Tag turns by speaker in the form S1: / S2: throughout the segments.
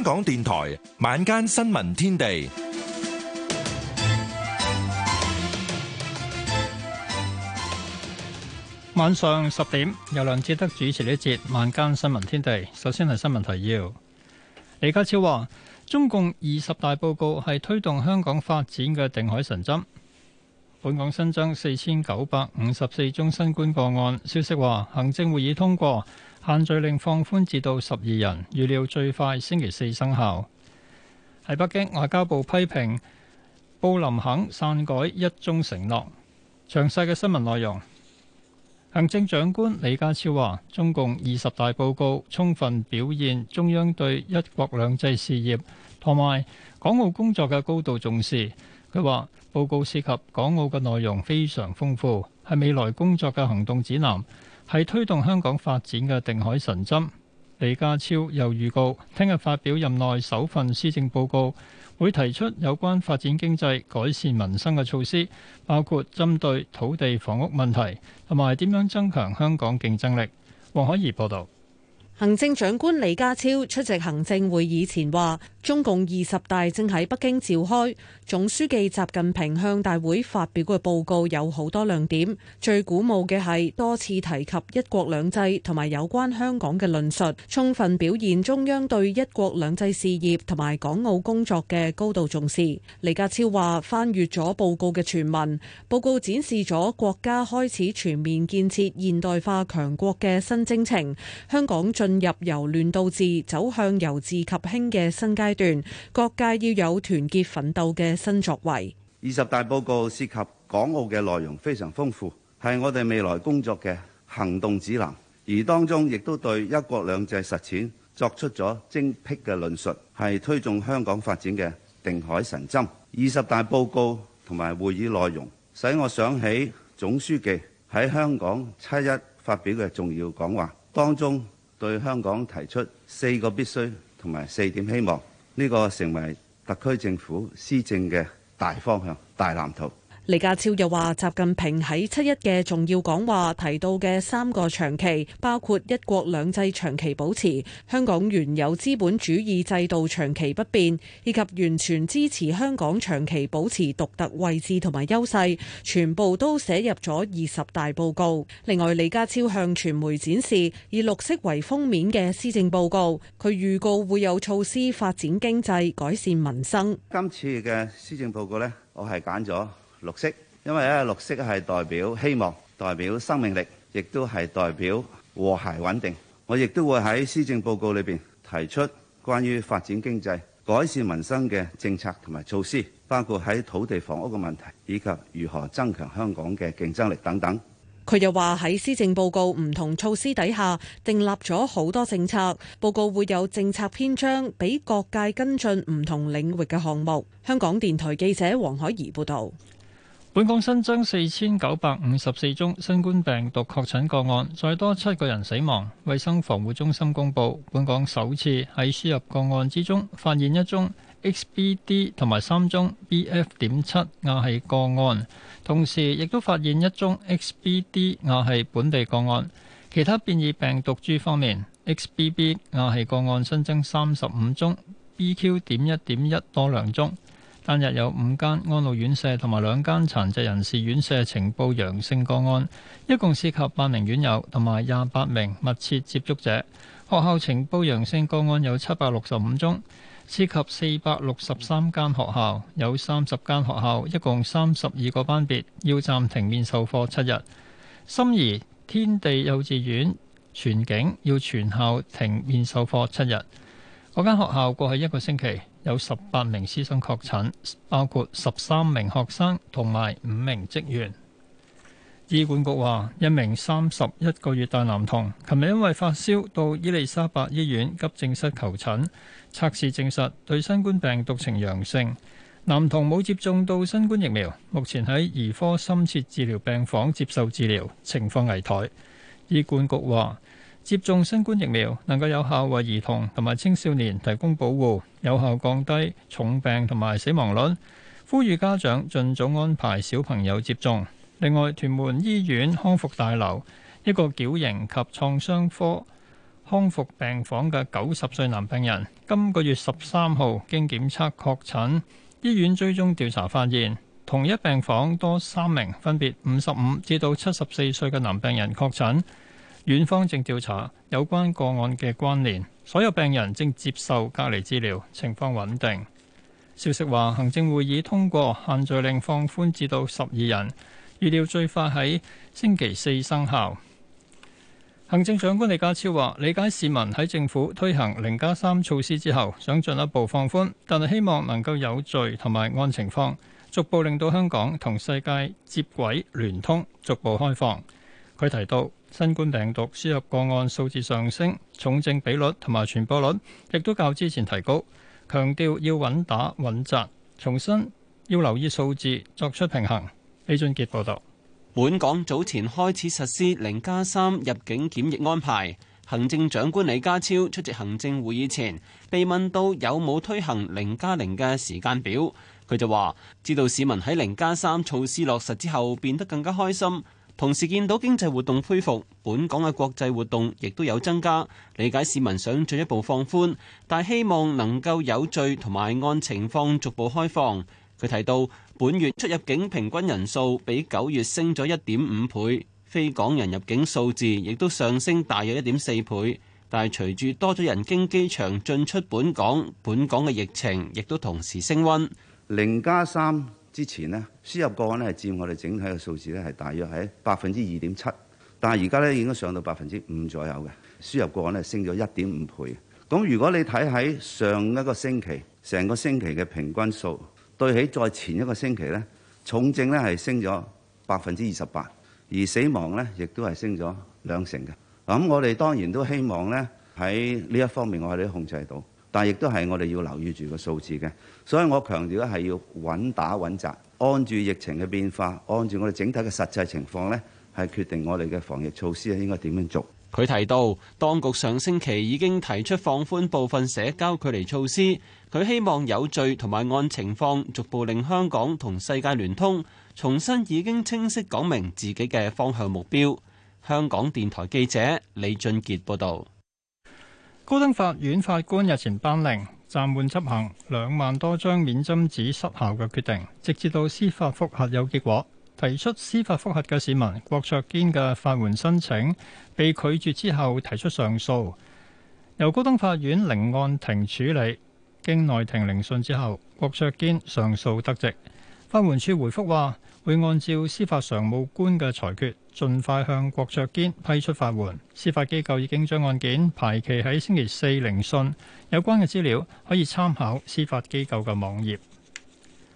S1: 香港電台晚間新聞天地，
S2: 晚上十點由梁志德主持呢一節晚間新聞天地。首先係新聞提要。李家超話中共二十大報告係推動香港發展嘅定海神針。本港新增四千九百五十四宗新冠個案。消息話行政會議通過。限聚令放寬至到十二人，預料最快星期四生效。喺北京，外交部批評布林肯篡改一中承諾。詳細嘅新聞內容，行政長官李家超話：中共二十大報告充分表現中央對一國兩制事業同埋港澳工作嘅高度重視。佢話：報告涉及港澳嘅內容非常豐富，係未來工作嘅行動指南。係推動香港發展嘅定海神針。李家超又預告，聽日發表任內首份施政報告，會提出有關發展經濟、改善民生嘅措施，包括針對土地房屋問題同埋點樣增強香港競爭力。黃海怡報導。
S3: 行政長官李家超出席行政會議前話，中共二十大正喺北京召開，總書記習近平向大會發表嘅報告有好多亮點，最鼓舞嘅係多次提及一國兩制同埋有關香港嘅論述，充分表現中央對一國兩制事業同埋港澳工作嘅高度重視。李家超話，翻閱咗報告嘅全文，報告展示咗國家開始全面建設現代化強國嘅新征程，香港進進入由亂到治、走向由治及興嘅新階段，各界要有團結奮鬥嘅新作為。
S4: 二十大報告涉及港澳嘅內容非常豐富，係我哋未來工作嘅行動指南，而當中亦都對一國兩制實踐作出咗精辟嘅論述，係推動香港發展嘅定海神針。二十大報告同埋會議內容，使我想起總書記喺香港七一發表嘅重要講話當中。對香港提出四個必須同埋四點希望，呢、這個成為特區政府施政嘅大方向、大藍圖。
S3: 李家超又話：習近平喺七一嘅重要講話提到嘅三個長期，包括一國兩制長期保持、香港原有資本主義制度長期不變，以及完全支持香港長期保持獨特位置同埋優勢，全部都寫入咗二十大報告。另外，李家超向傳媒展示以綠色為封面嘅施政報告，佢預告會有措施發展經濟、改善
S4: 民生。今次嘅施政報告呢，我係揀咗，綠色，因為咧，綠色係代表希望，代表生命力，亦都係代表和諧穩定。我亦都會喺施政報告裏邊提出關於發展經濟、改善民生嘅政策同埋措施，包括喺土地房屋嘅問題，以及如何增強香港嘅競爭力等等。
S3: 佢又話喺施政報告唔同措施底下訂立咗好多政策，報告會有政策篇章俾各界跟進唔同領域嘅項目。香港電台記者黃海怡報導。
S2: 本港新增四千九百五十四宗新冠病毒確診個案，再多七個人死亡。衛生防護中心公布，本港首次喺輸入個案之中發現一宗 XBD 同埋三宗 BF 點七亞系個案，同時亦都發現一宗 XBD 亞系本地個案。其他變異病毒株方面，XBB 亞系個案新增三十五宗，BQ 點一點一多兩宗。單日有五間安老院舍同埋兩間殘疾人士院舍呈報陽性個案，一共涉及八名院友同埋廿八名密切接觸者。學校呈報陽性個案有七百六十五宗，涉及四百六十三間學校，有三十間學校，一共三十二個班別要暫停面授課七日。心怡天地幼稚園全景要全校停面授課七日。嗰間學校過去一個星期。有十八名師生確診，包括十三名學生同埋五名職員。醫管局話，一名三十一個月大男童，琴日因為發燒到伊利沙伯醫院急症室求診，測試證實對新冠病毒呈陽性。男童冇接種到新冠疫苗，目前喺兒科深切治療病房接受治療，情況危殆。醫管局話。接種新冠疫苗能夠有效為兒童同埋青少年提供保護，有效降低重病同埋死亡率。呼籲家長盡早安排小朋友接種。另外，屯門醫院康復大樓一個矯形及創傷科康復病房嘅九十歲男病人，今個月十三號經檢測確診，醫院追蹤調查發現，同一病房多三名分別五十五至到七十四歲嘅男病人確診。院方正調查有關個案嘅關聯，所有病人正接受隔離治療，情況穩定。消息話，行政會議通過限聚令放寬至到十二人，預料最快喺星期四生效。行政長官李家超話，理解市民喺政府推行零加三措施之後，想進一步放寬，但係希望能夠有序同埋按情況逐步令到香港同世界接軌、聯通，逐步開放。佢提到：新冠病毒輸入個案數字上升，重症比率同埋傳播率亦都較之前提高。強調要穩打穩紮，重新要留意數字，作出平衡。李俊杰報道。
S5: 本港早前開始實施零加三入境檢疫安排，行政長官李家超出席行政會議前被問到有冇推行零加零嘅時間表，佢就話知道市民喺零加三措施落實之後變得更加開心。同時見到經濟活動恢復，本港嘅國際活動亦都有增加，理解市民想進一步放寬，但係希望能夠有序同埋按情況逐步開放。佢提到本月出入境平均人數比九月升咗一點五倍，非港人入境數字亦都上升大約一點四倍，但係隨住多咗人經機場進出本港，本港嘅疫情亦都同
S4: 時升溫零加三。之前咧輸入個案咧係佔我哋整體嘅數字咧係大約喺百分之二點七，但係而家咧已經上到百分之五左右，嘅輸入個案咧升咗一點五倍。咁如果你睇喺上一個星期，成個星期嘅平均數對起再前一個星期咧，重症咧係升咗百分之二十八，而死亡咧亦都係升咗兩成嘅。咁我哋當然都希望呢喺呢一方面我哋都控制到。但亦都係我哋要留意住個數字嘅，所以我強調係要穩打穩紮，按住疫情嘅變化，按住我哋整體嘅實際情況呢，係決定我哋嘅防疫措施應該點樣做。
S5: 佢提到，當局上星期已經提出放寬部分社交距離措施，佢希望有序同埋按情況逐步令香港同世界聯通，重新已經清晰講明自己嘅方向目標。香港電台記者李俊傑報導。
S2: 高等法院法官日前頒令暫緩執行兩萬多張免針紙失效嘅決定，直至到司法復核有結果。提出司法復核嘅市民郭卓堅嘅法援申請被拒絕之後，提出上訴，由高等法院聆案庭處理，經內庭聆訊之後，郭卓堅上訴得直。法援處回覆話。會按照司法常務官嘅裁決，盡快向郭卓堅批出法援。司法機構已經將案件排期喺星期四聆訊。有關嘅資料可以參考司法機構嘅網頁。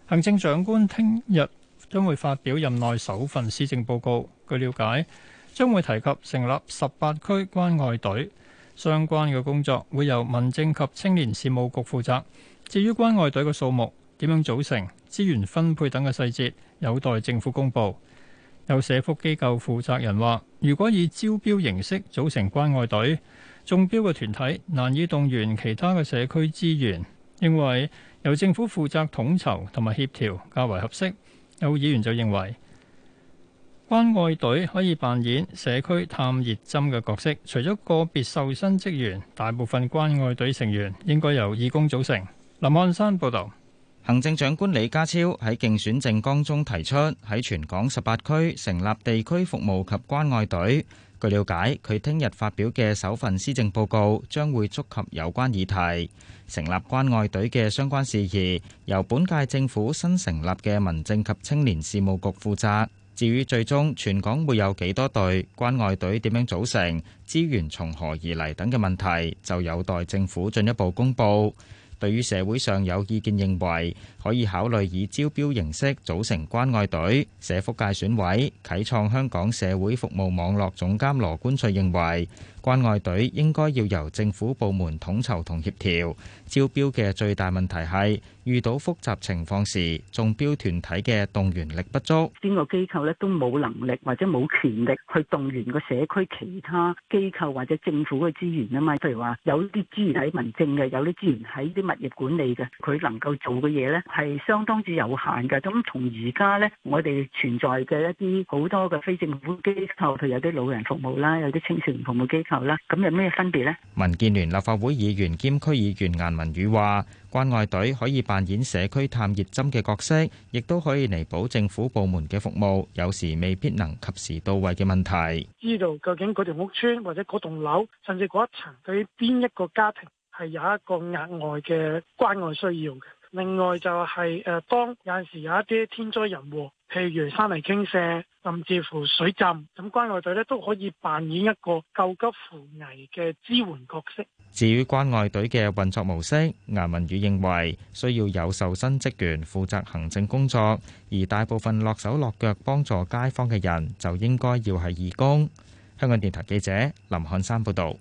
S2: 行政長官聽日將會發表任內首份施政報告。據了解，將會提及成立十八區關愛隊，相關嘅工作會由民政及青年事務局負責。至於關愛隊嘅數目、點樣組成、資源分配等嘅細節。有待政府公布。有社福機構負責人話，如果以招標形式組成關愛隊，中標嘅團體難以動員其他嘅社區資源，認為由政府負責統籌同埋協調較為合適。有議員就認為，關愛隊可以扮演社區探熱針嘅角色。除咗個別受
S6: 薪職員，大部分關愛隊成員應該由義工組成。林漢山報道。行政長官李家超喺競選政綱中提出，喺全港十八區成立地區服務及關愛隊。據了解，佢聽日發表嘅首份施政報告將會觸及有關議題。成立關愛隊嘅相關事宜，由本屆政府新成立嘅民政及青年事務局負責。至於最終全港會有幾多隊關愛隊、點樣組成、資源從何而嚟等嘅問題，就有待政府進一步公布。對於社會上有意見認為可以考慮以招標形式組成關愛隊，社福界選委，啟創香港社會服務網絡總監羅冠翠認為。關愛隊應該要由政府部門統籌同協調。招標嘅最大問題係遇到複雜情況時，中標團體嘅動員力不足。
S7: 邊個機構咧都冇能力或者冇權力去動員個社區其他機構或者政府嘅資源啊嘛。譬如話有啲資源喺民政嘅，有啲資源喺啲物業管理嘅，佢能夠做嘅嘢咧係相當之有限嘅。咁同而家咧，我哋存在嘅一啲好多嘅非政府機構，譬如有啲老人服務啦，有啲青少年服務機構。咁有咩分別呢？
S6: 民建聯立法會議員兼區議員顏文宇話，關愛隊可以扮演社區探熱針嘅角色，亦都可以彌補政府部門嘅服務，有時未必能及時到位嘅問題。
S8: 知道究竟嗰條屋村或者嗰棟樓，甚至嗰一層，對於邊一個家庭係有一個額外嘅關愛需要嘅。另外就係誒，當有陣時有一啲天災人禍，譬如山泥傾瀉，甚至乎水浸，咁關愛隊咧都可以扮演一個救急扶危嘅支援角色。
S6: 至於關愛隊嘅運作模式，顏文宇認為需要有受薪職員負責行政工作，而大部分落手落腳幫助街坊嘅人，就應該要係義工。香港電台記者林漢山報道。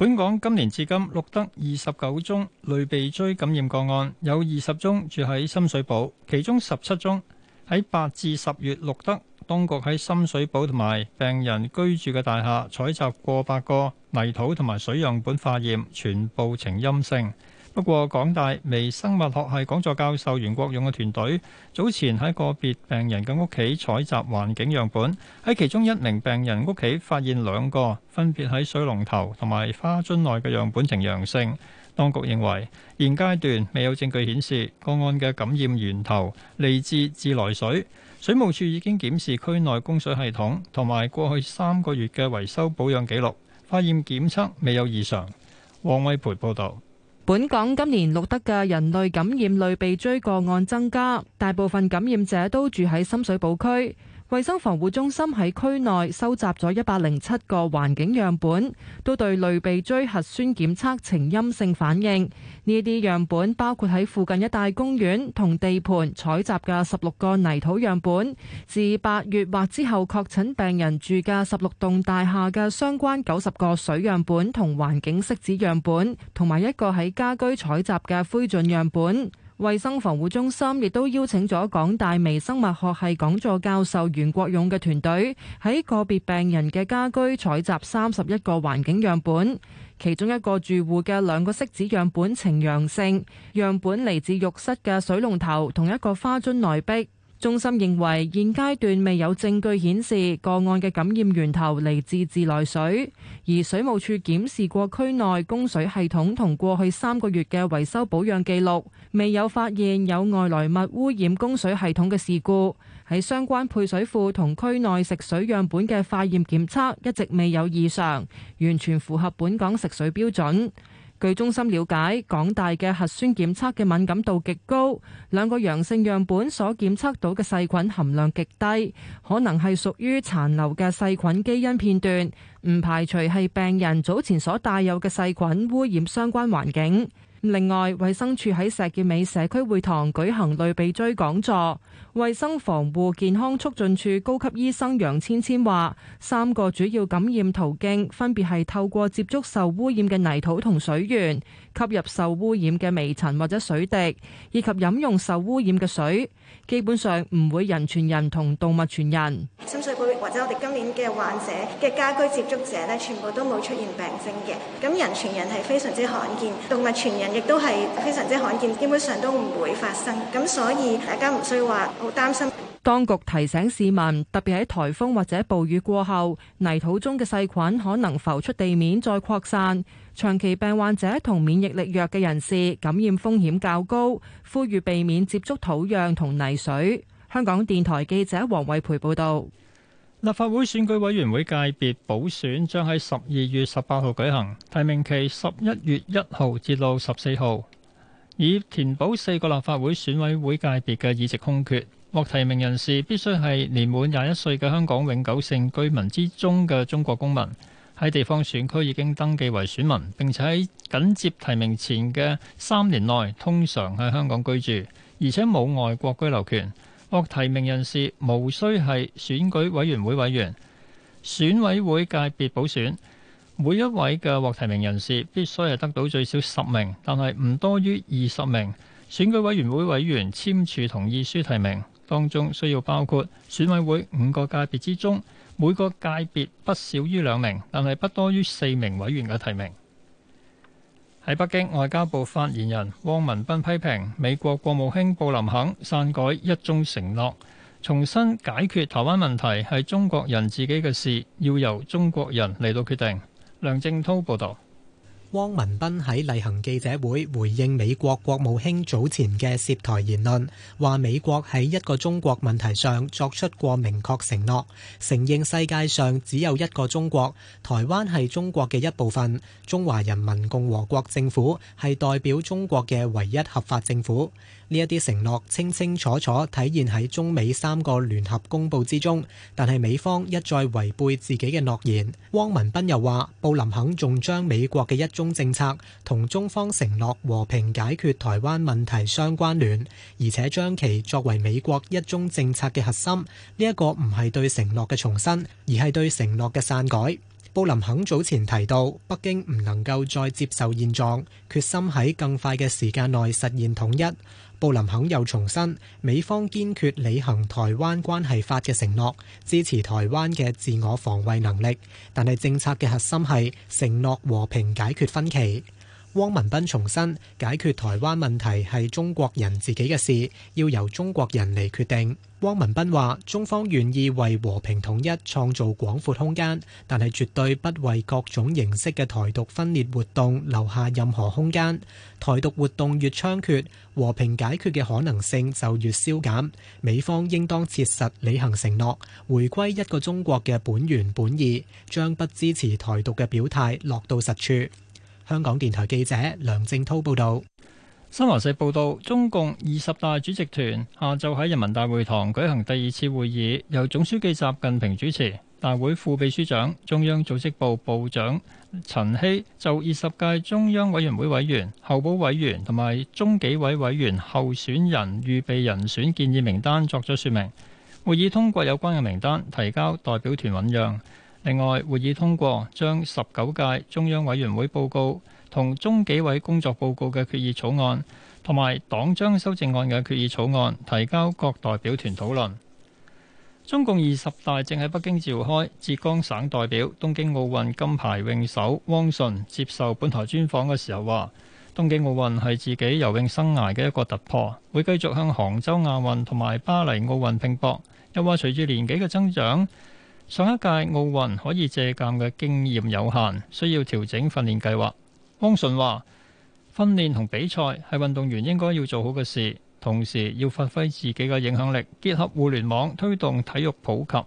S2: 本港今年至今錄得二十九宗類鼻疽感染個案，有二十宗住喺深水埗，其中十七宗喺八至十月錄得。當局喺深水埗同埋病人居住嘅大廈採集過百個泥土同埋水樣本化驗，全部呈陰性。不過，港大微生物學系講座教授袁國勇嘅團隊早前喺個別病人嘅屋企採集環境樣本，喺其中一名病人屋企發現兩個分別喺水龍頭同埋花樽內嘅樣本呈陽性。當局認為現階段未有證據顯示個案嘅感染源頭嚟自自來水。水務處已經檢視區內供水系統同埋過去三個月嘅維修保養記錄，化驗檢測未有異常。黃偉培報導。
S9: 本港今年錄得嘅人類感染類鼻疽個案增加，大部分感染者都住喺深水埗區。衛生防護中心喺區內收集咗一百零七個環境樣本，都對類鼻疽核酸檢測呈陰性反應。呢啲樣本包括喺附近一帶公園同地盤採集嘅十六個泥土樣本，自八月或之後確診病人住嘅十六棟大廈嘅相關九十個水樣本同環境色紙樣本，同埋一個喺家居採集嘅灰燼樣本。衞生防護中心亦都邀請咗港大微生物學系講座教授袁國勇嘅團隊，喺個別病人嘅家居採集三十一個環境樣本，其中一個住戶嘅兩個拭子樣本呈陽性，樣本嚟自浴室嘅水龍頭同一個花樽內壁。中心認為，現階段未有證據顯示個案嘅感染源頭嚟自自來水，而水務處檢視過區內供水系統同過去三個月嘅維修保養記錄，未有發現有外來物污染供水系統嘅事故。喺相關配水庫同區內食水樣本嘅化驗檢測，一直未有異常，完全符合本港食水標準。據中心了解，港大嘅核酸檢測嘅敏感度極高，兩個陽性樣本所檢測到嘅細菌含量極低，可能係屬於殘留嘅細菌基因片段，唔排除係病人早前所帶有嘅細菌污染相關環境。另外，衛生署喺石硤尾社區會堂舉行類鼻疽講座。衛生防護健康促進處高級醫生楊千千話：三個主要感染途徑分別係透過接觸受污染嘅泥土同水源。吸入受污染嘅微塵或者水滴，以及飲用受污染嘅水，基本上唔會人傳人同動物傳人。
S10: 深水埗或者我哋今年嘅患者嘅家居接觸者呢，全部都冇出現病徵嘅。咁人傳人係非常之罕見，動物傳人亦都係非常之罕見，基本上都唔會發生。咁所以大家唔需要話好擔心。
S9: 當局提醒市民，特別喺颱風或者暴雨過後，泥土中嘅細菌可能浮出地面再擴散。長期病患者同免疫力弱嘅人士感染風險較高，呼籲避免接觸土壤同泥水。香港電台記者黃惠培報道。
S2: 立法會選舉委員會界別補選將喺十二月十八號舉行，提名期十一月一號至到十四號，以填補四個立法會選委會界別嘅議席空缺。獲提名人士必須係年滿廿一歲嘅香港永久性居民之中嘅中國公民。喺地方選區已經登記為選民，並且喺緊接提名前嘅三年內通常喺香港居住，而且冇外國居留權。獲提名人士無需係選舉委員會委員，選委會界別補選，每一位嘅獲提名人士必須係得到最少十名，但係唔多於二十名選舉委員會委員簽署同意書提名，當中需要包括選委會五個界別之中。每個界別不少於兩名，但係不多於四名委員嘅提名。喺北京，外交部發言人汪文斌批評美國國務卿布林肯篡改一中承諾，重新解決台灣問題係中國人自己嘅事，要由中國人嚟到決定。梁正滔報導。
S7: 汪文斌喺例行記者會回應美國國務卿早前嘅涉台言論，話美國喺一個中國問題上作出過明確承諾，承認世界上只有一個中國，台灣係中國嘅一部分，中華人民共和國政府係代表中國嘅唯一合法政府。呢一啲承諾清清楚楚體現喺中美三個聯合公布之中，但係美方一再違背自己嘅諾言。汪文斌又話布林肯仲將美國嘅一中政策同中方承諾和平解決台灣問題相關聯，而且將其作為美國一中政策嘅核心。呢一個唔係對承諾嘅重申，而係對承諾嘅篡改。布林肯早前提到，北京唔能夠再接受現狀，決心喺更快嘅時間內實現統一。布林肯又重申，美方堅決履行《台灣關係法》嘅承諾，支持台灣嘅自我防衛能力，但係政策嘅核心係承諾和平解決分歧。汪文斌重申，解決台灣問題係中國人自己嘅事，要由中國人嚟決定。汪文斌話：中方願意為和平統一創造廣闊空間，但係絕對不為各種形式嘅台獨分裂活動留下任何空間，台獨活動越猖獗，和平解決嘅可能性就越消減。美方應當切實履行承諾，回歸一個中國嘅本源本意，將不支持台獨嘅表態落到實處。香港電台記者梁正濤報道。新華社報道，中共
S2: 二十大主席團下晝喺人民大會堂舉行第二次會議，由總書記習近平主持。大會副秘書長、中央組織部部長陳希就二十屆中央委員會委員、候補委員同埋中紀委委員候選人預備人選建議名單作咗說明。會議通過有關嘅名單，提交代表團醞釀。另外，會議通過將十九屆中央委員會報告同中紀委工作報告嘅決議草案，同埋黨章修正案嘅決議草案提交各代表團討論。中共二十大正喺北京召開。浙江省代表、東京奧運金牌泳手汪順接受本台專訪嘅時候話，東京奧運係自己游泳生涯嘅一個突破，會繼續向杭州亞運同埋巴黎奧運拼搏。又話隨住年紀嘅增長。上一屆奧運可以借鑒嘅經驗有限，需要調整訓練計劃。汪順話：訓練同比賽係運動員應該要做好嘅事，同時要發揮自己嘅影響力，結合互聯網推動體育普及，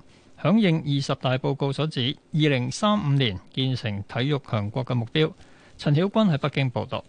S2: 響應二十大報告所指，二零三五年建成體育強國嘅目標。陳曉君喺北京報道。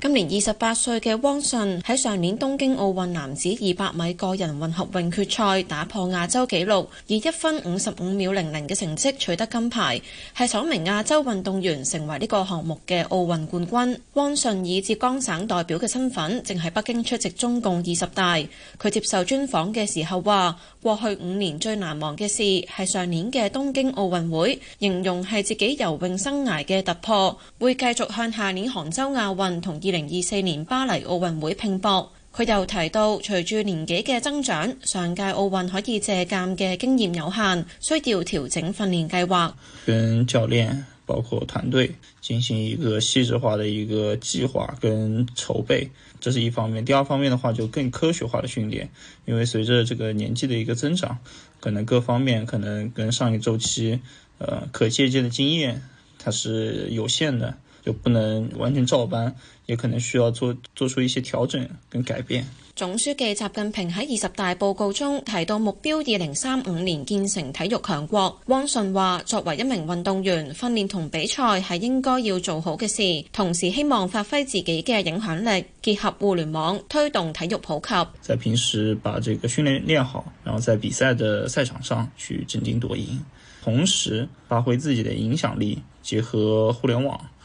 S11: 今年二十八歲嘅汪順喺上年東京奧運男子二百米個人混合泳決賽打破亞洲紀錄，以一分五十五秒零零嘅成績取得金牌，係首名亞洲運動員成為呢個項目嘅奧運冠軍。汪順以浙江省代表嘅身份，正喺北京出席中共二十大。佢接受專訪嘅時候話，過去五年最難忘嘅事係上年嘅東京奧運會，形容係自己游泳生涯嘅突破，會繼續向下年杭州亞運同。二零二四年巴黎奧運會拼搏，佢又提到，隨住年紀嘅增長，上屆奧運可以借鑒嘅經驗有限，需要調整訓練計劃。
S12: 跟教練包括團隊進行一個細致化的一個計劃跟籌備，這是一方面。第二方面的話就更科學化的訓練，因為隨着這個年紀嘅一個增長，可能各方面可能跟上一周期，呃，可借鑒的經驗，它是有限嘅。就不能完全照搬，也可能需要做做出一些調整跟改變。
S11: 總書記習近平喺二十大報告中提到目標：二零三五年建成體育強國。汪順話，作為一名運動員，訓練同比賽係應該要做好嘅事，同時希望發揮自己嘅影響力，結合互聯網推動體育
S12: 普及。在平時把這個訓練練好，然後在比賽的賽場上去爭金奪銀，同時發揮自己的影響力，結合互聯網。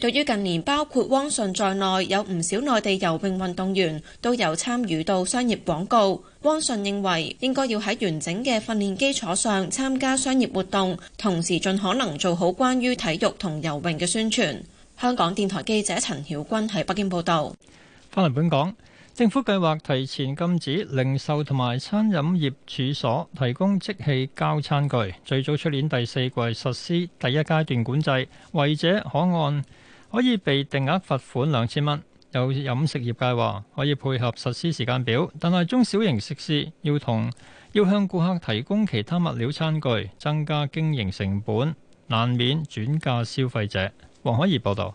S11: 對於近年包括汪順在內有唔少內地游泳運動員都有參與到商業廣告，汪順認為應該要喺完整嘅訓練基礎上參加商業活動，同時盡可能做好關於體育同游泳嘅宣傳。香港電台記者陳曉君喺北京報道。
S2: 翻嚟本港，政府計劃提前禁止零售同埋餐飲業處所提供即棄膠餐具，最早出年第四季實施第一階段管制，違者可按可以被定額罰款兩千蚊。有飲食業界話可以配合實施時間表，但係中小型食肆要同要向顧客提供其他物料餐具，增加經營成本，難免轉嫁消費者。黃海怡報導。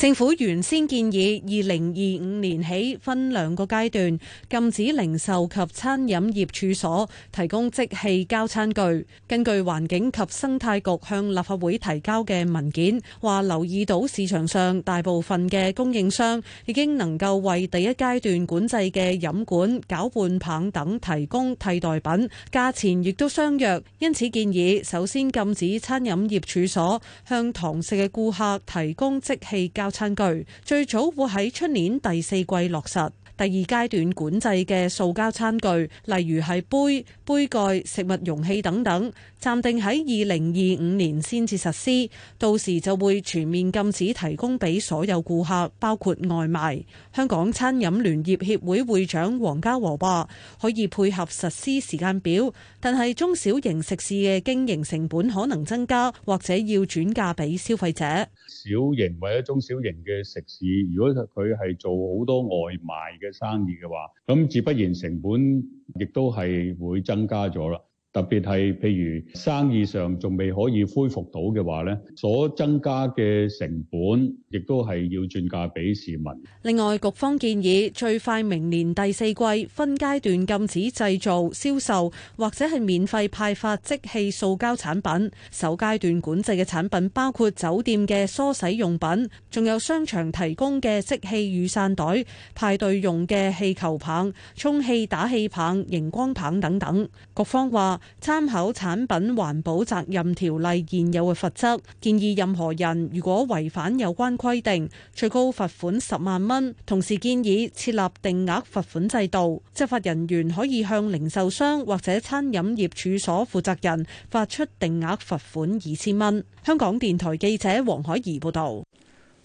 S3: 政府原先建議二零二五年起分兩個階段禁止零售及餐飲業處所提供即棄膠餐具。根據環境及生態局向立法會提交嘅文件，話留意到市場上大部分嘅供應商已經能夠為第一階段管制嘅飲管、攪拌棒等提供替代品，價錢亦都相若，因此建議首先禁止餐飲業處所向堂食嘅顧客提供即棄膠。餐具最早會喺出年第四季落實。第二階段管制嘅塑膠餐具，例如係杯、杯蓋、食物容器等等，暫定喺二零二五年先至實施，到時就會全面禁止提供俾所有顧客，包括外賣。香港餐飲聯業協會會長黃家和話可以配合實施時間表，但係中小型食肆嘅經營成本可能增加，或者要轉嫁俾消費者。
S1: 小型或者中小型嘅食肆，如果佢係做好多外賣嘅。生意嘅話，咁自不然成本亦都係會增加咗啦。特別係譬如生意上仲未可以恢復到嘅話呢，所增加嘅成本，亦都係要轉嫁俾市民。
S3: 另外，局方建議最快明年第四季分階段禁止製造、銷售或者係免費派發即棄塑膠產品。首階段管制嘅產品包括酒店嘅梳洗用品，仲有商場提供嘅即棄雨傘袋、派對用嘅氣球棒、充氣打氣棒、熒光棒等等。局方話，參考產品環保責任條例現有嘅罰則，建議任何人如果違反有關規定，最高罰款十萬蚊。同時建議設立定額罰款制度，執法人員可以向零售商或者餐飲業處所負責人發出定額罰款二千蚊。香港電台記者黃海怡報道。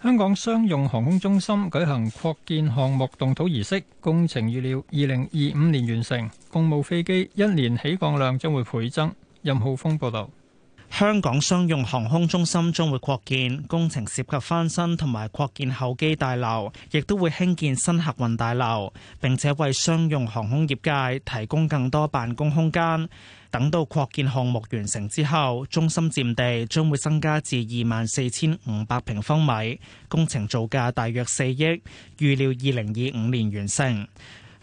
S2: 香港商用航空中心舉行擴建項目動土儀式，工程預料二零二五年完成。公務飛機一年起降量將會倍增。任浩峰報道。香港商用航空中心將會擴建，工程涉及翻
S8: 新同埋擴建候機大樓，亦都會興建新客運大樓，並且為商用航空業界提供更多辦公空間。等到擴建項目完成之後，中心佔地將會增加至二萬四千五百平方米，工程造價大約四億，預料二零二五年完成。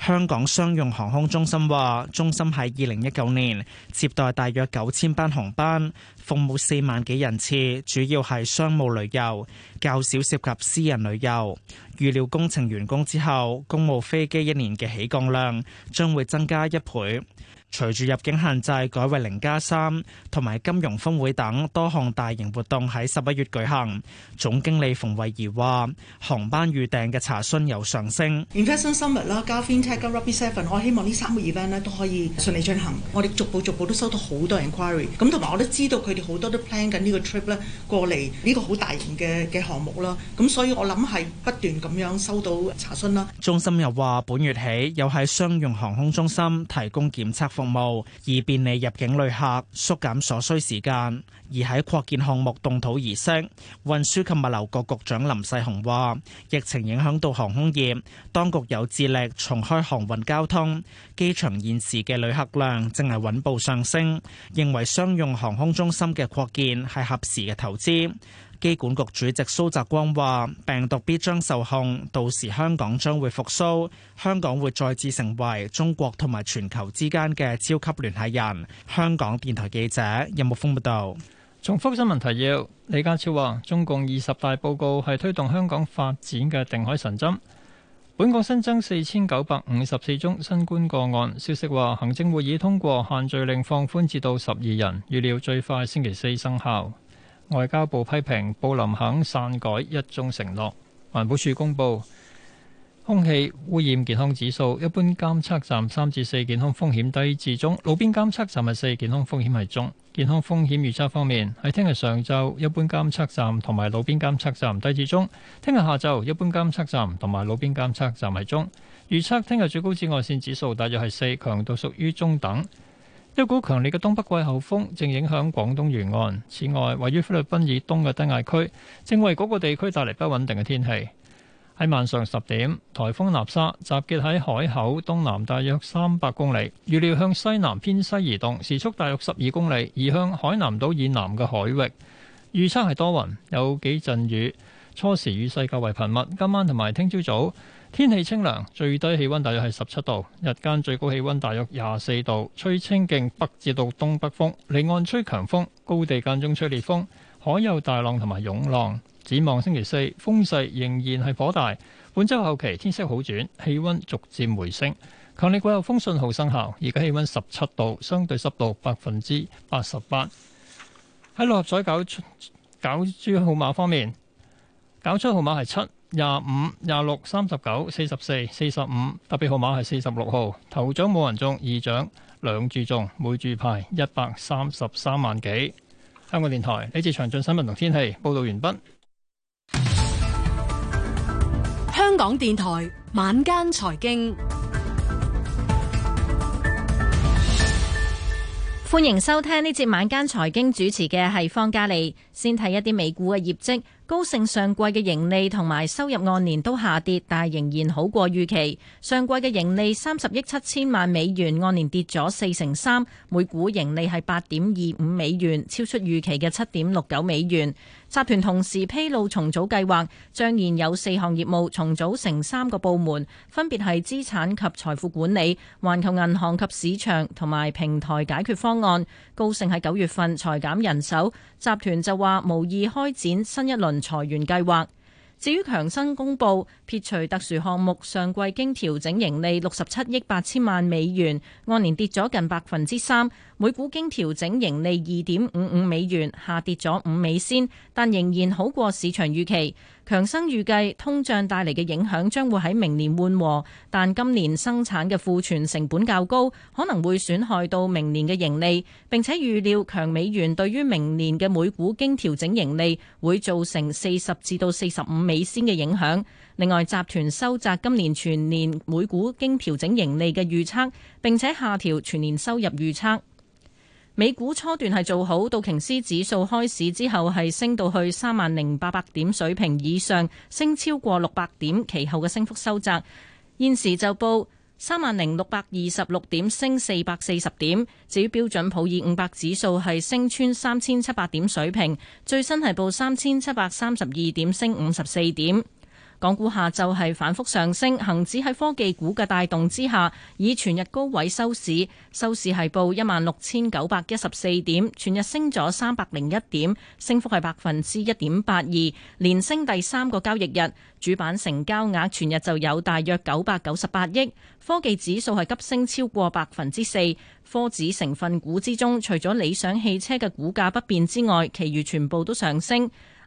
S8: 香港商用航空中心話，中心喺二零一九年接待大約九千班航班，服務四萬幾人次，主要係商務旅遊，較少涉及私人旅遊，預料工程完工之後，公務飛機一年嘅起降量將會增加一倍。隨住入境限制改為零加三，同埋金融峯會等多項大型活動喺十一月舉行。總經理馮慧儀話：航班預訂嘅查詢有上升。Investment Summit 啦、FinTech 啦、Rugby Seven，我希望呢三個 event 咧都可以順利進行。我哋逐步逐步都收到好多 inquiry，咁同埋我都知道佢哋好多都 plan 緊呢個 trip 咧，過嚟呢個好大型嘅嘅項目啦。咁所以我諗係不斷咁樣收到查詢啦。中心又話：本月起有喺商用航空中心提供檢測服服務，以便利入境旅客，縮減所需時間。而喺擴建項目動土儀式，運輸及物流局局長林世雄話：疫情影響到航空業，當局有致力重開航運交通。機場現時嘅旅客量正係穩步上升，認為商用航空中心嘅擴建係合時嘅投資。機管局主席蘇澤光話：病毒必將受控，到時香港將會復甦。香港會再次成為中國同埋全球之間嘅超級聯繫人。香港電台記者
S2: 任木峰報道。重複新聞提要：李家超話，中共二十大報告係推動香港發展嘅定海神針。本港新增四千九百五十四宗新冠個案。消息話，行政會議通過限聚令放寬至到十二人，預料最快星期四生效。外交部批評布林肯篡改一中承諾。環保署公布空氣污染健康指數，一般監測站三至四健康風險低至中，路邊監測站係四健康風險係中。健康風險預測方面，喺聽日上晝，一般監測站同埋路邊監測站低至中；聽日下晝，一般監測站同埋路邊監測站係中。預測聽日最高紫外線指數大約係四，強度屬於中等。一股強烈嘅東北季候風正影響廣東沿岸，此外，位於菲律賓以東嘅低壓區正為嗰個地區帶嚟不穩定嘅天氣。喺晚上十點，颱風納沙集結喺海口東南大約三百公里，預料向西南偏西移動，時速大約十二公里，移向海南島以南嘅海域。預測係多雲，有幾陣雨，初時雨勢較為頻密，今晚同埋聽朝早。天氣清涼，最低氣溫大約係十七度，日間最高氣溫大約廿四度，吹清勁北至到東北風，離岸吹強風，高地間中吹烈風，海有大浪同埋湧浪。展望星期四，風勢仍然係頗大。本周後期天色好轉，氣溫逐漸回升。強烈季候風信號生效，而家氣溫十七度，相對濕度百分之八十八。喺六合彩搞出搞出號碼方面，搞出號碼係七。廿五、廿六、三十九、四十四、四十五，特別號碼係四十六號。頭獎冇人中，二獎兩注中，每注牌一百三十三萬幾。香港電台呢次詳盡新聞同天氣報道完畢。
S13: 香港電台晚間財經，歡迎收聽呢節晚間財經，主持嘅係方嘉莉。先睇一啲美股嘅業績，高盛上季嘅盈利同埋收入按年都下跌，但係仍然好過預期。上季嘅盈利三十億七千萬美元，按年跌咗四成三，每股盈利係八點二五美元，超出預期嘅七點六九美元。集團同時披露重組計劃，將現有四項業務重組成三個部門，分別係資產及財富管理、環球銀行及市場同埋平台解決方案。高盛喺九月份裁減人手，集團就話無意開展新一輪裁員計劃。至於強生公布撇除特殊項目，上季經調整盈利六十七億八千萬美元，按年跌咗近百分之三，每股經調整盈利二點五五美元，下跌咗五美仙，但仍然好過市場預期。強生預計通脹帶嚟嘅影響將會喺明年緩和，但今年生產嘅庫存成本較高，可能會損害到明年嘅盈利，並且預料強美元對於明年嘅每股經調整盈利會造成四十至到四十五美仙嘅影響。另外，集團收窄今年全年每股經調整盈利嘅預測，並且下調全年收入預測。美股初段係做好，道瓊斯指數開市之後係升到去三萬零八百點水平以上，升超過六百點。其後嘅升幅收窄，現時就報三萬零六百二十六點，升四百四十點。至於標準普爾五百指數係升穿三千七百點水平，最新係報三千七百三十二點，升五十四點。港股下晝係反覆上升，恒指喺科技股嘅帶動之下，以全日高位收市，收市係報一萬六千九百一十四點，全日升咗三百零一點，升幅係百分之一點八二，連升第三個交易日。主板成交額全日就有大約九百九十八億，科技指數係急升超過百分之四，科指成分股之中，除咗理想汽車嘅股價不變之外，其餘全部都上升。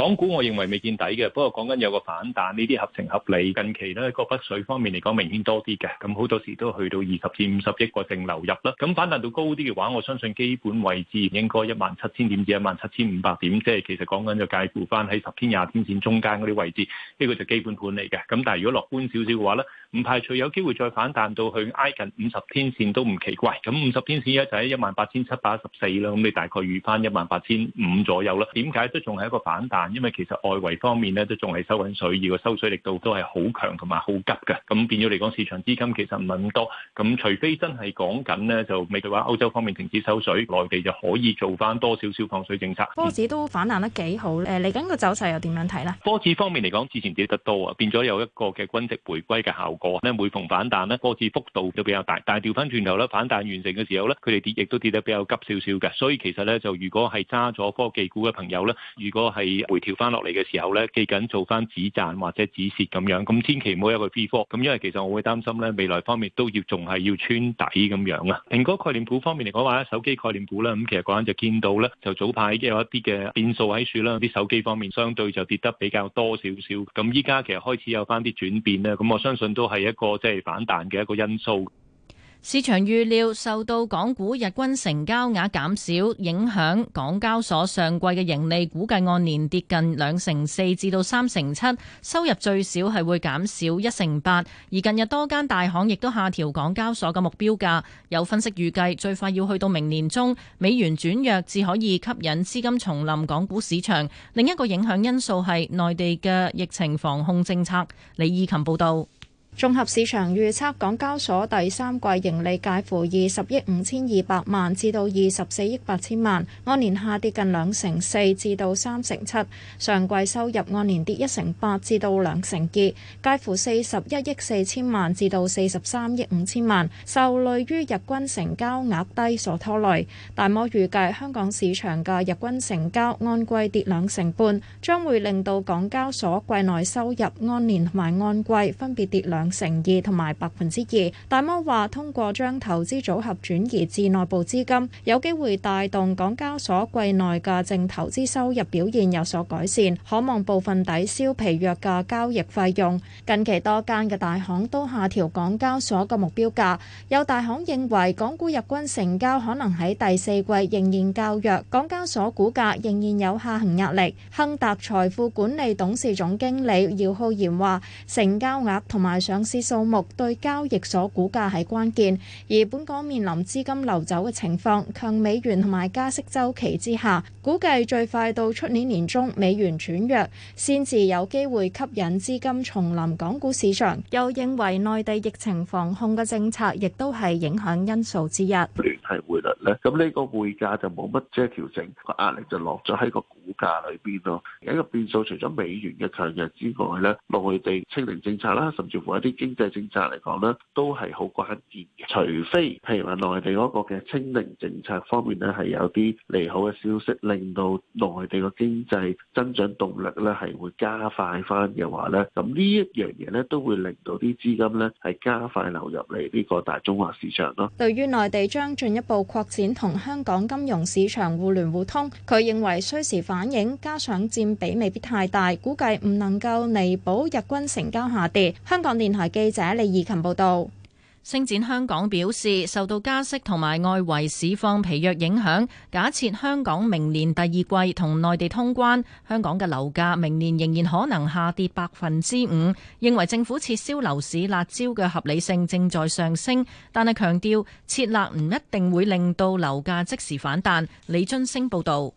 S1: 港股我認為未見底嘅，不過講緊有個反彈，呢啲合情合理。近期呢個北水方面嚟講，明顯多啲嘅，咁好多時都去到二十至五十億個淨流入啦。咁反彈到高啲嘅話，我相信基本位置應該一萬七千點至一萬七千五百點，即係其實講緊就介乎翻喺十天、廿天線中間嗰啲位置，呢個就基本盤嚟嘅。咁但係如果樂觀少少嘅話呢，唔排除有機會再反彈到去挨近五十天線都唔奇怪。咁五十天線一就喺一萬八千七百一十四啦，咁你大概預翻一萬八千五左右啦。點解都仲係一個反彈？因為其實外圍方面咧都仲係收緊水，而個收水力度都係好強同埋好急嘅。咁變咗嚟講，市場資金其實唔係咁多。咁除非真係講緊咧，就未嚟話歐洲方面停止收水，內地就可以做翻多少少放水政策。波
S10: 子都反彈得幾好。誒嚟緊個走勢又點樣睇啦？
S1: 波子方面嚟講，之前跌得多啊，變咗有一個嘅均值回歸嘅效果咧。每逢反彈咧，波子幅度都比較大，但係調翻轉頭咧，反彈完成嘅時候咧，佢哋跌亦都跌得比較急少少嘅。所以其實咧，就如果係揸咗科技股嘅朋友咧，如果係回調翻落嚟嘅時候咧，記緊做翻止賺或者止蝕咁樣，咁千祈唔好有個跌幅。咁因為其實我會擔心咧，未來方面都要仲係要穿底咁樣啊。蘋果概念股方面嚟講話，手機概念股咧，咁其實嗰陣就見到咧，就早排已經有一啲嘅變數喺處啦。啲手機方面相對就跌得比較多少少，咁依家其實開始有翻啲轉變咧，咁我相信都係一個即係反彈嘅一個因素。
S13: 市場預料受到港股日均成交額減少影響，港交所上季嘅盈利估計按年跌近兩成四至到三成七，收入最少係會減少一成八。而近日多間大行亦都下調港交所嘅目標價，有分析預計最快要去到明年中，美元轉弱至可以吸引資金重臨港股市場。另一個影響因素係內地嘅疫情防控政策。李義琴報道。
S10: 綜合市場預測，港交所第三季盈利介乎二十億五千二百萬至到二十四億八千萬，按年下跌近兩成四至到三成七。上季收入按年跌一成八至到兩成二，介乎四十一億四千萬至到四十三億五千萬，受累於日均成交額低所拖累。大摩預計香港市場嘅日均成交按季跌兩成半，將會令到港交所季內收入按年同埋按季分別跌兩。成二同埋百分之二，大摩話通過將投資組合轉移至內部資金，有機會帶動港交所季內嘅淨投資收入表現有所改善，可望部分抵消疲弱嘅交易費用。近期多間嘅大行都下調港交所嘅目標價，有大行認為港股日均成交可能喺第四季仍然較弱，港交所股價仍然有下行壓力。亨達財富管理董事總經理姚浩然話：成交額同埋上市數目對交易所股價係關鍵，而本港面臨資金流走嘅情況，強美元同埋加息周期之下，估計最快到出年年中美元轉弱，先至有機會吸引資金重臨港股市場。又認為內地疫情防控嘅政策亦都係影響因素之一。
S1: 聯繫匯率呢？咁呢個匯價就冇乜即係調整，個壓力就落咗喺個股價裏邊咯。而一個變數，除咗美元嘅強弱之外呢，內地清零政策啦，甚至乎啲經濟政策嚟講呢都係好關鍵嘅。除非譬如話內地嗰個嘅清零政策方面呢係有啲利好嘅消息，令到內地個經濟增長動力呢係會加快翻嘅話呢，咁呢一樣嘢呢都會令到啲資金呢係加快流入嚟呢個大中華市場咯。
S10: 對於內地將進一步擴展同香港金融市場互聯互通，佢認為需時反映，加上佔比未必太大，估計唔能夠彌補日
S13: 均成交下跌。香港電。電台記者李怡琴報道，星展香港表示，受到加息同埋外圍市況疲弱影響，假設香港明年第二季同內地通關，香港嘅樓價明年仍然可能下跌百分之五。認為政府撤銷樓市辣招嘅合理性正在上升，但係強調
S14: 撤辣唔一定會令到樓價即時反彈。李津升報道。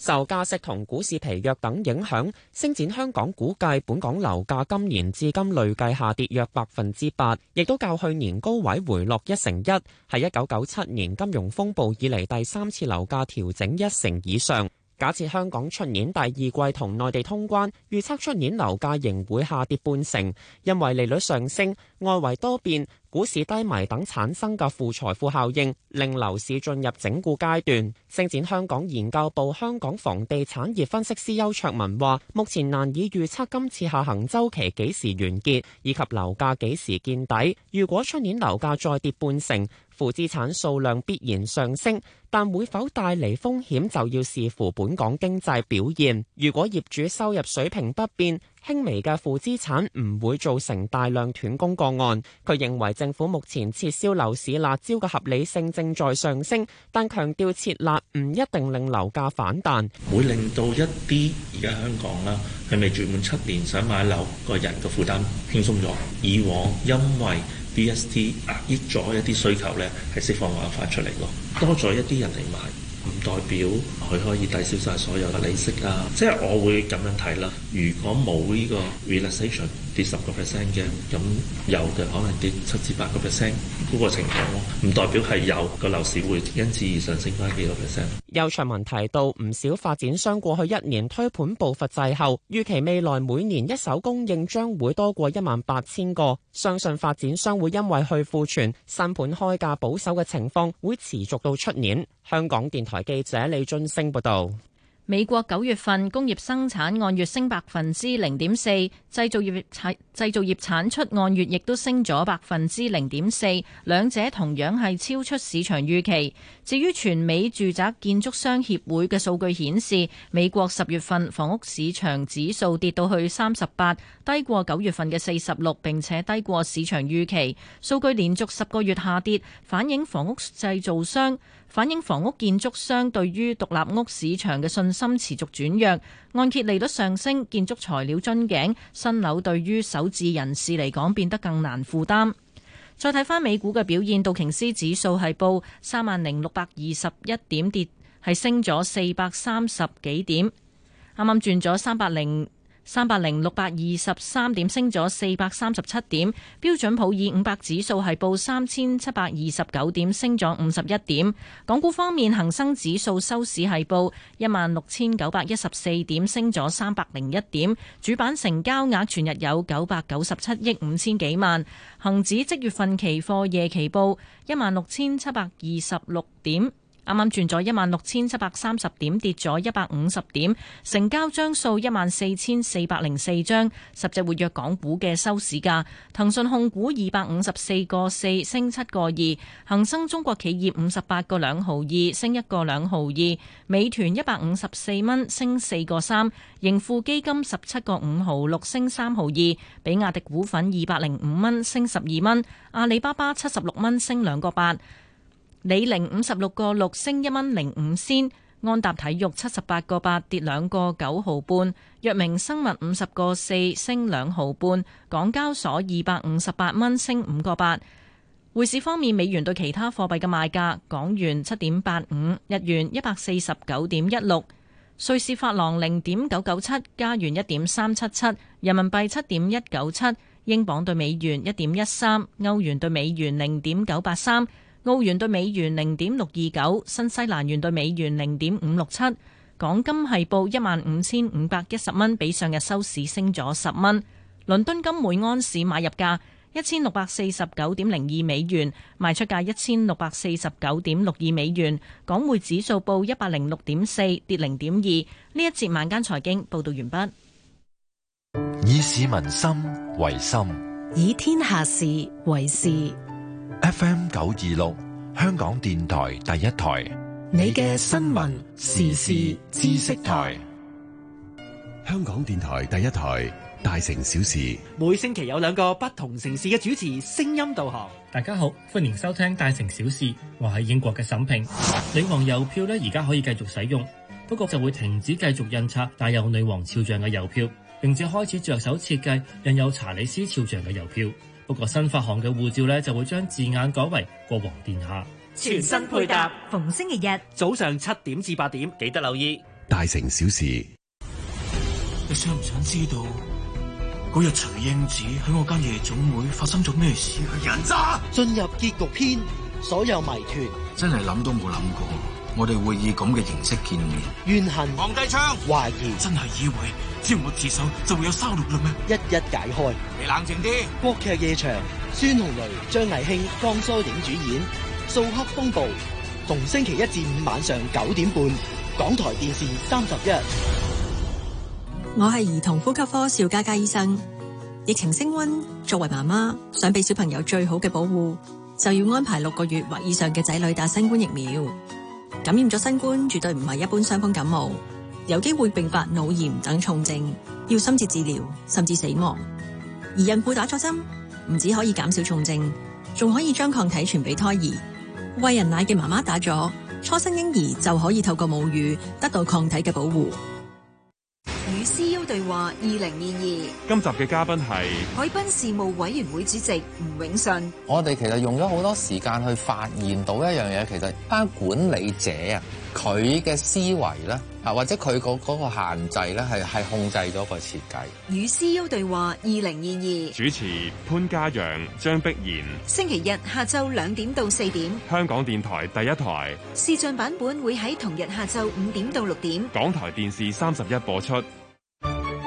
S14: 受加息同股市疲弱等影響，星展香港估計本港樓價今年至今累計下跌約百分之八，亦都較去年高位回落一成一，係一九九七年金融風暴以嚟第三次樓價調整一成以上。假設香港出年第二季同內地通關，預測出年樓價仍會下跌半成，因為利率上升，外圍多變，股市低迷等產生嘅負財富效應，令樓市進入整固階段。星展香港研究部香港房地產業分析師邱卓文話：目前難以預測今次下行週期幾時完結，以及樓價幾時見底。如果出年樓價再跌半成，負資產數量必然上升，但會否帶嚟風險就要視乎本港經濟表現。如果業主收入水平不變，輕微嘅負資產唔會造成大量斷供個案。佢認為政府目前撤銷樓市辣招嘅合理性正在上升，但強調撤辣唔一定令樓價反彈，
S8: 會令到一啲而家香港啦係咪住滿七年想買樓個人嘅負擔輕鬆咗。以往因為 d S T 壓抑咗一啲需求咧，係釋放咗翻出嚟咯，多咗一啲人嚟買。代表佢可以抵消晒所有嘅利息啦、啊，即係我會咁樣睇啦。如果冇呢個 realization。跌十個 percent 嘅，咁有嘅可能跌七至八個 percent 嗰個情況咯，唔代表係有個樓市會因此而上升翻幾個 percent。
S14: 有長文提到，唔少發展商過去一年推盤步伐滯後，預期未來每年一手供應將會多過一萬八千個，相信發展商會因為去庫存新盤開價保守嘅情況，會持續到出年。香港電台記者李俊升報道。
S13: 美國九月份工業生產按月升百分之零點四，製造業產製造業產出按月亦都升咗百分之零點四，兩者同樣係超出市場預期。至於全美住宅建築商協會嘅數據顯示，美國十月份房屋市場指數跌到去三十八，低過九月份嘅四十六，並且低過市場預期。數據連續十個月下跌，反映房屋製造商、反映房屋建築商對於獨立屋市場嘅信心持續轉弱。按揭利率上升，建築材料樽頸，新樓對於首置人士嚟講變得更難負擔。再睇返美股嘅表現，道瓊斯指數係報三萬零六百二十一點跌，跌係升咗四百三十幾點，啱啱轉咗三百零。三萬零六百二十三點，升咗四百三十七點。標準普爾五百指數係報三千七百二十九點，升咗五十一點。港股方面，恒生指數收市係報一萬六千九百一十四點，升咗三百零一點。主板成交額全日有九百九十七億五千幾萬。恒指即月份期貨夜期報一萬六千七百二十六點。啱啱轉咗一萬六千七百三十點，跌咗一百五十點，成交張數一萬四千四百零四張，十隻活躍港股嘅收市價：騰訊控股二百五十四個四升七個二，恒生中國企業五十八個兩毫二升一個兩毫二，美團一百五十四蚊升四個三，盈富基金十七個五毫六升三毫二，比亞迪股份二百零五蚊升十二蚊，阿里巴巴七十六蚊升兩個八。李寧五十六個六升一蚊零五仙，安踏體育七十八個八跌兩個九毫半，藥明生物五十個四升兩毫半，港交所二百五十八蚊升五個八。匯市方面，美元對其他貨幣嘅賣價：港元七點八五，日元一百四十九點一六，瑞士法郎零點九九七，加元一點三七七，人民幣七點一九七，英鎊兌美元一點一三，歐元兌美元零點九八三。澳元兌美元零點六二九，新西蘭元兌美元零點五六七。港金係報一萬五千五百一十蚊，比上日收市升咗十蚊。倫敦金每安士買入價一千六百四十九點零二美元，賣出價一千六百四十九點六二美元。港匯指數報 4, 一百零六點四，跌零點二。呢一節晚間財經報道完畢。
S1: 以市民心為心，
S7: 以天下事為事。
S1: FM 九二六，香港電台第一台，
S7: 你嘅新聞時事
S1: 知識台，香港電台第一台，大城小事，
S8: 每星期有兩個不同城市嘅主持聲音導航。大家好，歡迎收聽大城小
S6: 事。我係英國嘅沈平，女王郵票咧，而家可以繼續使用，不過就會停止繼續印刷帶有女王肖像嘅郵票，並且開始着手設計印有查理斯肖像嘅郵票。嗰個新發行嘅護照咧，就會將字眼改為國王殿下。
S8: 全新配搭，逢星期日早上七點至八點，記得留意。
S1: 大城小事，你想唔想知道嗰日徐英子喺我間夜總會發生咗咩事？佢人渣！
S8: 進入結局篇，所有謎團真係諗都冇諗過，我哋會以咁嘅形式見面。怨恨行、防製槍、懷疑，真係以為只要我自首就會有收入啦咩？一一解開。你冷靜啲。國劇夜場，孫紅雷、張藝興、江疏影主演《掃黑風暴》，逢星期一至五晚上九點半，港台電視三
S13: 十一。我係兒童呼吸科邵嘉嘉醫生。疫情升温，作為媽媽想俾小朋友最好嘅保護，就要安排六個月或以上嘅仔女打新冠疫苗。感染咗新冠絕對唔係一般傷風感冒，有機會併發腦炎等重症，要深切治療，甚至死亡。而孕婦打咗針，唔止可以減少重症，仲可以將抗體傳俾胎兒。喂人奶嘅媽媽打咗，初生嬰兒就可以透過母乳得到抗體嘅
S1: 保護。
S10: 與 CEO 對話二零二二，
S1: 今集嘅嘉賓係
S10: 海濱事務委員會主席吳永信。
S1: 我哋其實用咗好多時間去發
S8: 現到一樣嘢，其實班管理者啊，佢嘅思維咧啊，或者
S1: 佢嗰個限制咧，係係控制咗個設計。
S10: 與 CEO 對話二零二二，
S1: 主持潘嘉揚、張碧然。
S10: 星期日下晝兩點到四點，
S1: 香港電台第一台
S10: 視像版本會喺同日下晝五點到六點，
S1: 港台電視三十一播出。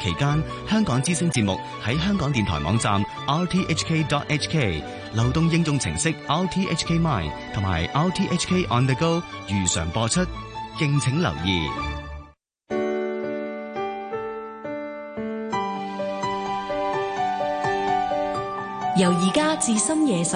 S8: 期間，香港之聲節目喺香港電台網站 rthk.hk、流動應用程式 rthk mine 同埋 rthk on the go 如常播出，
S4: 敬請留意。
S13: 由而家至深夜十。